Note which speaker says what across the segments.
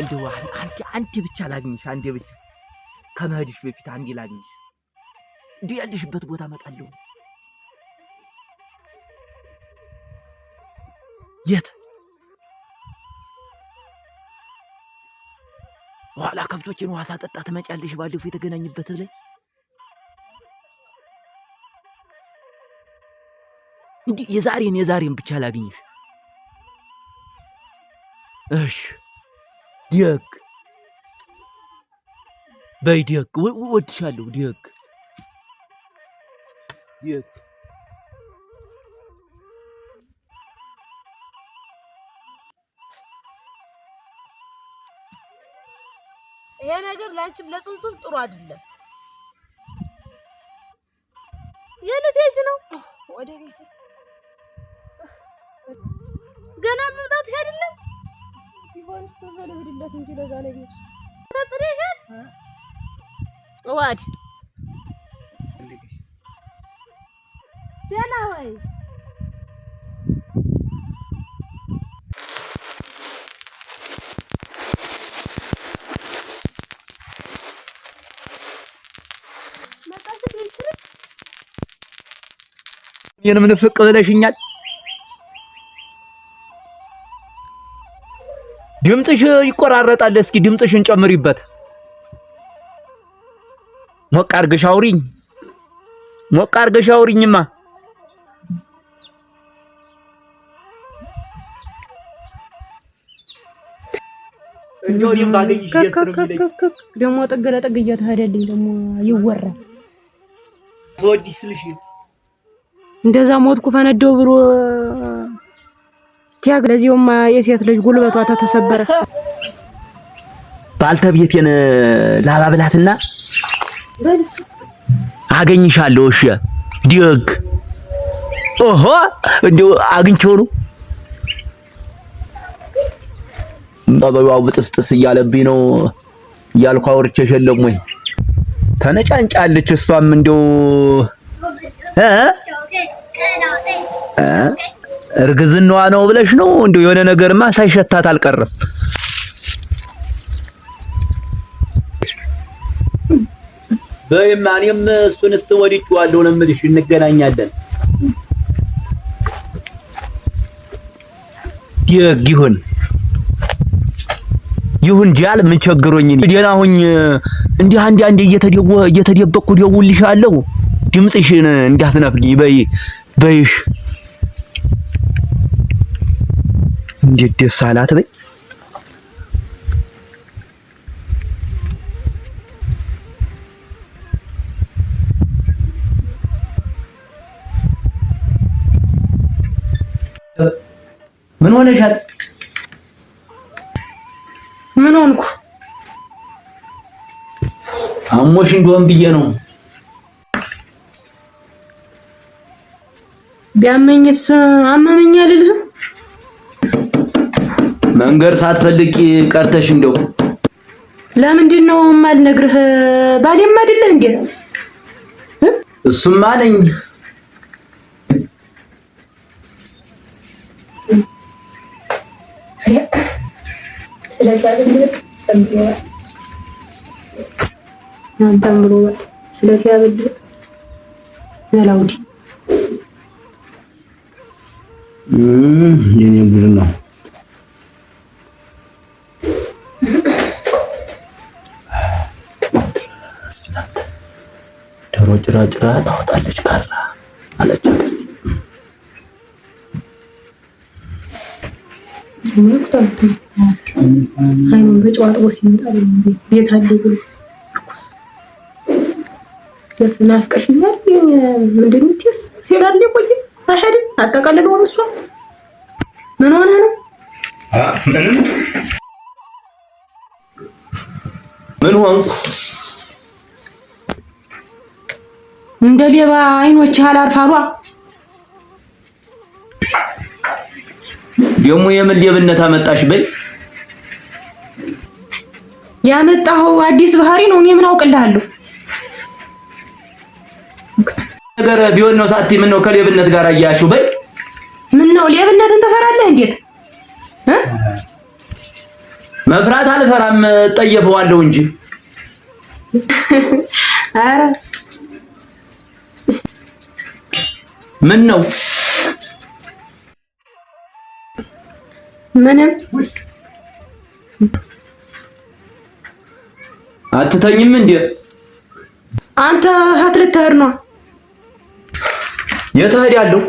Speaker 1: እንደው ብቻ ላግኝሽ፣ አንዴ ብቻ ከመሄድሽ በፊት አንዴ ላግኝሽ። እንዲህ ያለሽበት ቦታ እመጣለሁ። የት ኋላ ከብቶችን ውሃ ሳጠጣ ትመጫለሽ። ባለፈው የተገናኝበት እንዲህ የዛሬን የዛሬን ብቻ ላግኝሽ። እሺ ዲያክ በይ ዲያክ፣ ወድሻለሁ ዲያክ ዲያክ
Speaker 2: ይሄ ነገር ላንቺም ለጽንሱም ጥሩ አይደለም። የእለት ልጅ ነው ወደ ቤት ገና መምጣትሽ አይደለም። ቢሆን ልሂድለት እንጂ ለዛ ለቤት ዋድ ደህና ወይ
Speaker 1: እኔንም ብለሽኛል። ድምፅሽ ይቆራረጣል። እስኪ ድምፅሽን ጨምሪበት። ሞቅ አድርገሽ አውሪኝ፣ ሞቅ አድርገሽ አውሪኝማ።
Speaker 2: ደግሞ ጥግ ለጥግ እየተሄደልኝ ደግሞ ይወራል። እንደዛ ሞትኩ ፈነደው ብሎ ቲያግ ለዚሁም የሴት ልጅ ጉልበቷ ተተሰበረ።
Speaker 1: ባልተቤቴን ላባብላትና አገኝሻለሁ። እሺ ዲግ ኦሆ እንዴ አግኝቼው ነው ጠበሏው ብጥስጥስ እያለብኝ ነው እያልኩ አውርቼሽ የለም ወይ ተነጫንጫለች። እሷም እንደው እ እርግዝናዋ ነው ብለሽ ነው? እንዲሁ የሆነ ነገርማ ሳይሸታት አልቀርም። በይማ እኔም እሱንስ ወድጬዋለሁ ነው የምልሽ። እንገናኛለን። ደግ ይሁን ይሁን ጃል ምን ቸግሮኝ ነው ደህና ሁኝ። እንዲህ አንድ አንድ እየተደወ እየተደበቅኩ ደውልሻለሁ። ድምፅሽን እንዳትነፍጊ በይ በይሽ እንዴት ደስ አላት በይ። ምን ሆነሻል? ምን ሆንኩ? አሞሽ እንደሆን ብዬ ነው።
Speaker 2: ቢያመኝስ አመመኝ አልልህም
Speaker 1: መንገድ ሳትፈልቂ ቀርተሽ እንደው
Speaker 2: ለምንድን ነው የማልነግርህ? ባሌም አይደለህ እንዴ?
Speaker 1: እሱም አለኝ።
Speaker 2: አንተም ዘላውዲ
Speaker 1: የኔ ጉድ ነው። ጆሮ ጭራ ጭራ ታወጣለች ካራ አለች አክስቴ።
Speaker 2: አይኑን በጨዋጥ ሲመጣ ቤት አለ ብሎ እርኩስ ናፍቀሽኛል ምንድን የምትይዝ ሴራ አለ ቆየ አይሄድም አጠቃልለው እሷ ምን ሆነ ነው ምን ሆንኩ እንደ ሌባ አይኖች አላርፋሏ።
Speaker 1: ደግሞ የምን ሌብነት አመጣሽ በይ።
Speaker 2: ያመጣኸው አዲስ ባህሪ ነው። እኔ ምን አውቅልሃለሁ?
Speaker 1: ነገር ቢሆን ነው ሳቲ። ምን ነው ከሌብነት ጋር አያያሹ በይ።
Speaker 2: ምን ነው ሌብነትን ትፈራለህ? እንዴት
Speaker 1: መፍራት አልፈራም፣ ጠየፈዋለሁ እንጂ። አረ ምን ነው? ምንም አትተኝም እንዴ?
Speaker 2: አንተ ሀትለት ተህር ነው
Speaker 1: የት ያለው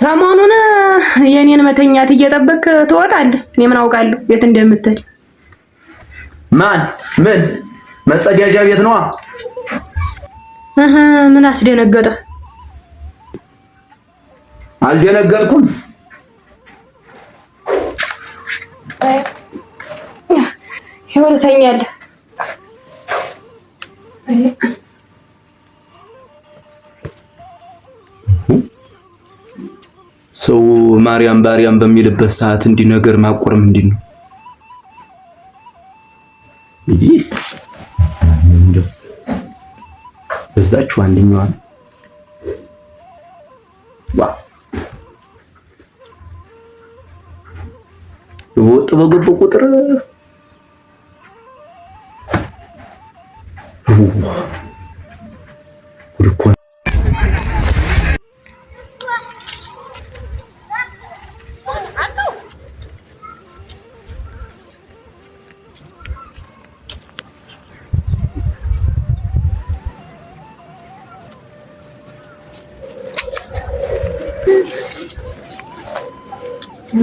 Speaker 2: ሰሞኑን የኔን መተኛት እየጠበክ ትወጣለህ። እኔ ምን አውቃለሁ የት እንደምትሄድ?
Speaker 1: ማን ምን መጸዳጃ ቤት ነዋ።
Speaker 2: ምን አስደነገጠ?
Speaker 1: አልደነገጥኩም።
Speaker 2: ይወርተኛል
Speaker 1: ሰው ማርያም ባርያም በሚልበት ሰዓት እንዲህ ነገር ማቆርም ምንድን ነው? ይህ በዛችሁ አንደኛዋ በገቡ ቁጥር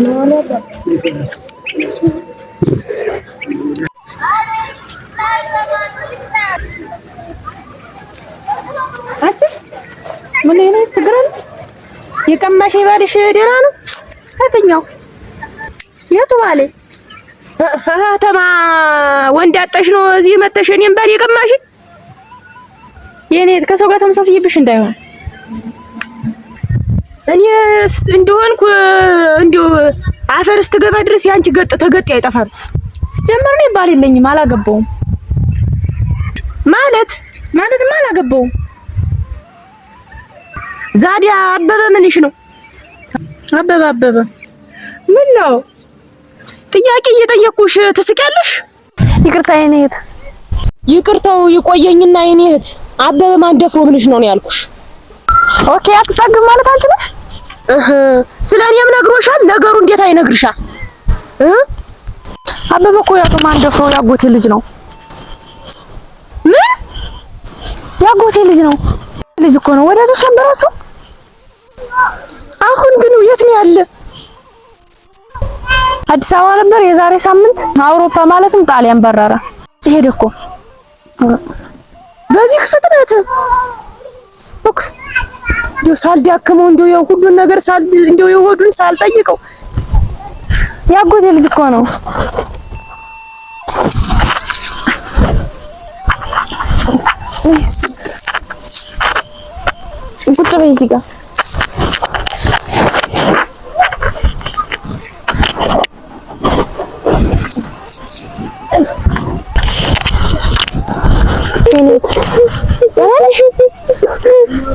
Speaker 2: No, no, no. ችግር አለ? የቀማሽ ባልሽ ደህና ነው? የትኛው የቱ ባሌ? ተማ ወንድ አጠሽ ነው እዚህ መተሽ እኔም ባል የቀማሽ? የኔ ከሰው ጋር ተመሳሳይብሽ እንዳይሆን እኔ እንደሆንኩ እንዲሁ አፈር ስትገባ ድረስ ያንቺ ገጥ ተገጥ አይጠፋም። ስጀመር እኔ ባል የለኝም፣ አላገባውም ማለት ማለትም አላገባውም ዛዲያ አበበ ምንሽ ነው? አበበ አበበ ምን ነው? ጥያቄ እየጠየኩሽ ትስቂያለሽ? ይቅርታ የኔ እህት። ይቅርታው ይቆየኝና የኔ እህት አበበ ማንደፍሮ ምንሽ ነው ነው ያልኩሽ። ኦኬ አትጸግም ማለት አንቺ ነሽ? እህ ስለ እኔም ነግሮሻል። ነገሩ እንዴት አይነግርሻ? እህ አበበ እኮ ያቶ ማንደፍሮ ያጎቴ ልጅ ነው። ምን ያጎቴ ልጅ ነው ልጅ እኮ ነው። ወደ ተሸምራችሁ አሁን ግን የት ነው ያለ? አዲስ አበባ ነበር የዛሬ ሳምንት። አውሮፓ ማለትም ጣሊያን በረረ ሄደ እኮ በዚህ ፍጥነት ኦክ እንዲያው ሳልዳክመው እንዲያው ያው ሁሉን ነገር ሳል እንዲያው የሆዱን ሳልጠይቀው ያጎቴ ልጅ እኮ ነው። እሺ ቁጭ በይ እዚህ ጋር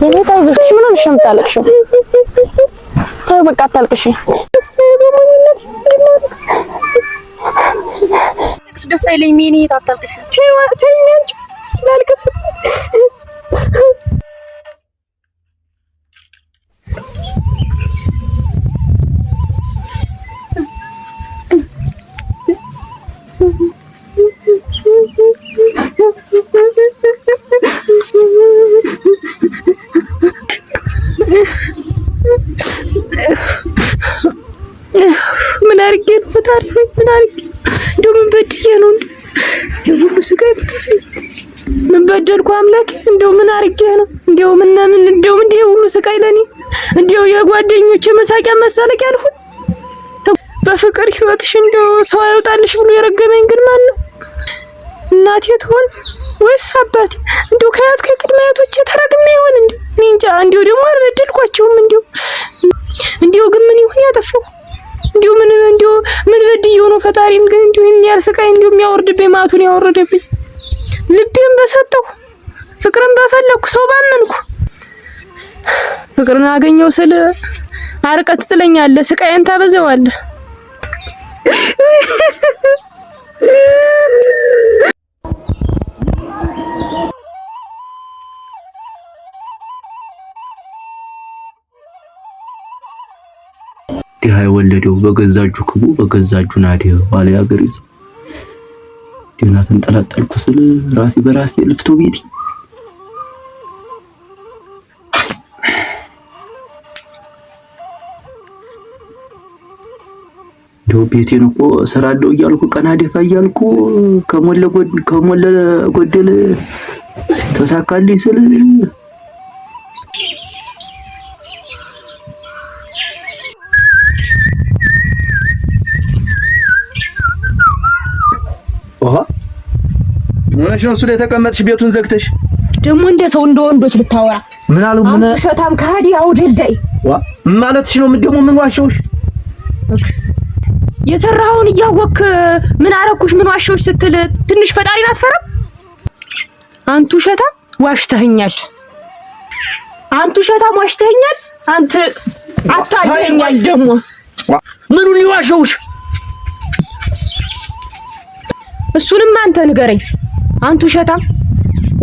Speaker 2: የኔት አይዞሽ፣ ምን ሆነሽ ነው የምታለቅሽው? ተይው በቃ አታልቅሽ። ደስ አይለኝም የኔት አታልቅሽ። ምን አድርጌ ነው ፈጣሪ? ምን አድርጌ እንደው ምን በድዬ ነው እንደው ሁሉ ስጋ ይፍታሽ? ምን በደልኩ አምላኬ? እንደው ምን አድርጌ ነው እንደው ምን ምን እንደው ሁሉ ስቃይ ለኔ እንዲያው የጓደኞች መሳቂያ መሳለቂያ አልሁን። በፍቅር ህይወትሽ እንዲያው ሰው አይወጣልሽ ብሎ የረገመኝ ግን ማን ነው? እናቴ ትሆን ወይስ አባቴ? እንዲያው ከያት ከቅድመ አያቶቼ ተረግሜ ይሆን እንዴ? እኔ እንጃ። እንዲያው ደግሞ አልበደልኳቸውም። እንዲያው እንዲያው ግን ምን ይሁን ያጠፋው እንዲሁ ምን እንዲሁ ምን በድዬው ነው? ፈጣሪም ግን እንዲሁ የሚያር ስቃይ እንዲሁ የሚያወርድብኝ ማቱን ያወረደብኝ ልቤን በሰጠሁ ፍቅርን በፈለግኩ ሰው ባመንኩ ፍቅርን አገኘው ስል አርቀት ትለኛለ፣ ስቃይን ታበዘዋለህ።
Speaker 1: ድሃ የወለደው በገዛጁ ክቡ በገዛጁ ናዲ ባለ ዋለ ያገሬ ሰው ተንጠላጠልኩ ስል ራሴ በራሴ ልፍቶ ቤቴ እንደው ቤቴን እኮ እሰራለሁ እያልኩ ቀና ደፋ እያልኩ ከሞለ ከሞለ ጎደል ተሳካልኝ ስል ምንሽ ነው እሱ ላይ ተቀመጥሽ ቤቱን ዘግተሽ
Speaker 2: ደግሞ እንደ ሰው እንደ ወንዶች ልታወራ ምን አሉ ምን ሸታም ከሃዲ አውደልዳይ
Speaker 1: ዋ ማለትሽ ነው ምን ደግሞ ምን ዋሸውሽ
Speaker 2: የሰራኸውን እያወክ ምን አረኩሽ ምን ዋሸሁሽ ስትል ትንሽ ፈጣሪን አትፈራም? አንቱ ሸታ ዋሽተኸኛል፣ አንቱ ሸታ ዋሽተኸኛል፣ አንተ አታየኛል።
Speaker 1: ደግሞ ምኑን ይዋሸውሽ?
Speaker 2: እሱንም አንተ ንገረኝ። አንቱ ሸታ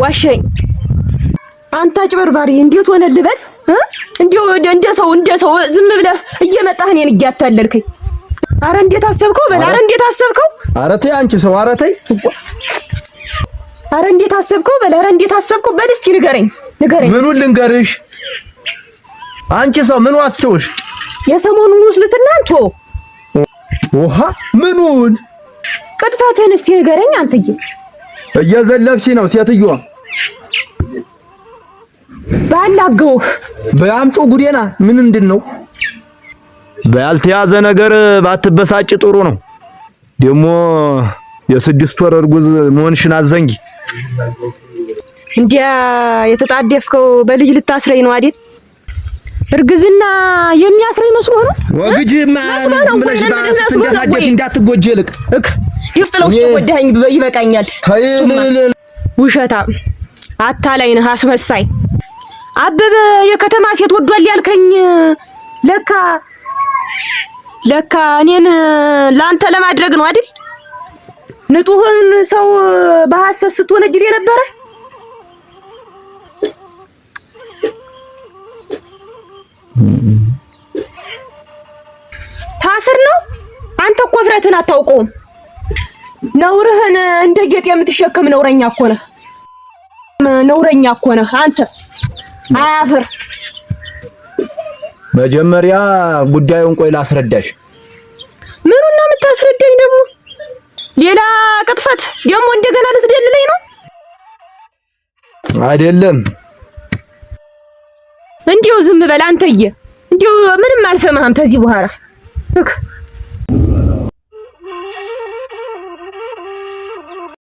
Speaker 2: ዋሸኝ፣ አንተ አጭበርባሪ እንዴት ሆነ ልበል? እንዴ እንደ ሰው እንደ ሰው ዝም ብለህ እየመጣህ እኔን እያታለልከኝ አረ እንዴት አሰብከው? በል አረ እንዴት አሰብከው?
Speaker 1: አረ ተይ አንቺ ሰው አረ ተይ።
Speaker 2: አረ እንዴት አሰብከው? በል አረ እንዴት አሰብከው? በል እስኪ ንገረኝ፣
Speaker 1: ንገረኝ። ምኑን ልንገርሽ? አንቺ ሰው ምኑ አስቸውሽ?
Speaker 2: የሰሞኑን ውስልትና አንቶ
Speaker 1: ውሃ ምኑን
Speaker 2: ቅጥፈትህን እስኪ ንገረኝ። አንተዬ
Speaker 1: እየዘለፍሽ ነው ሴትዮዋ።
Speaker 2: ባላገው
Speaker 1: በአምጡ ጉዴና ምን እንድን ነው በያልተያዘ ነገር ባትበሳጭ ጥሩ ነው። ደግሞ የስድስት ወር እርጉዝ መሆንሽን አዘንጊ።
Speaker 2: እንዲያ የተጣደፍከው በልጅ ልታስረኝ ነው አይደል? እርግዝና የሚያስረኝ መስሎ ነው
Speaker 1: ወግጅ ብለሽ ባስትንደፋደፍ እንዳትጎጂ ይልቅ እክ
Speaker 2: ይውስጥ ለውስጥ ጎዳኸኝ ይበቃኛል። ውሸታም አታላይ ነህ፣ አስመሳይ አበበ የከተማ ሴት ወዷል ያልከኝ ለካ ለካ እኔን ለአንተ ለማድረግ ነው አይደል? ንጡህን ሰው በሐሰት ስትወነጅል የነበረ ታፍር ነው። አንተ እኮ እፍረትህን አታውቀውም። ነውርህን እንደ ጌጥ የምትሸከም ነውረኛ እኮ ነህ። ነውረኛ እኮ ነህ አንተ አያፍር
Speaker 1: መጀመሪያ ጉዳዩን ቆይ ላስረዳሽ።
Speaker 2: ምኑን ነው የምታስረዳኝ ደግሞ? ሌላ ቅጥፈት ደግሞ እንደገና ልትደልለኝ ነው? አይደለም እንዲሁ ዝም በል አንተዬ፣ እንዲሁ ምንም አልሰማህም ተዚህ በኋላ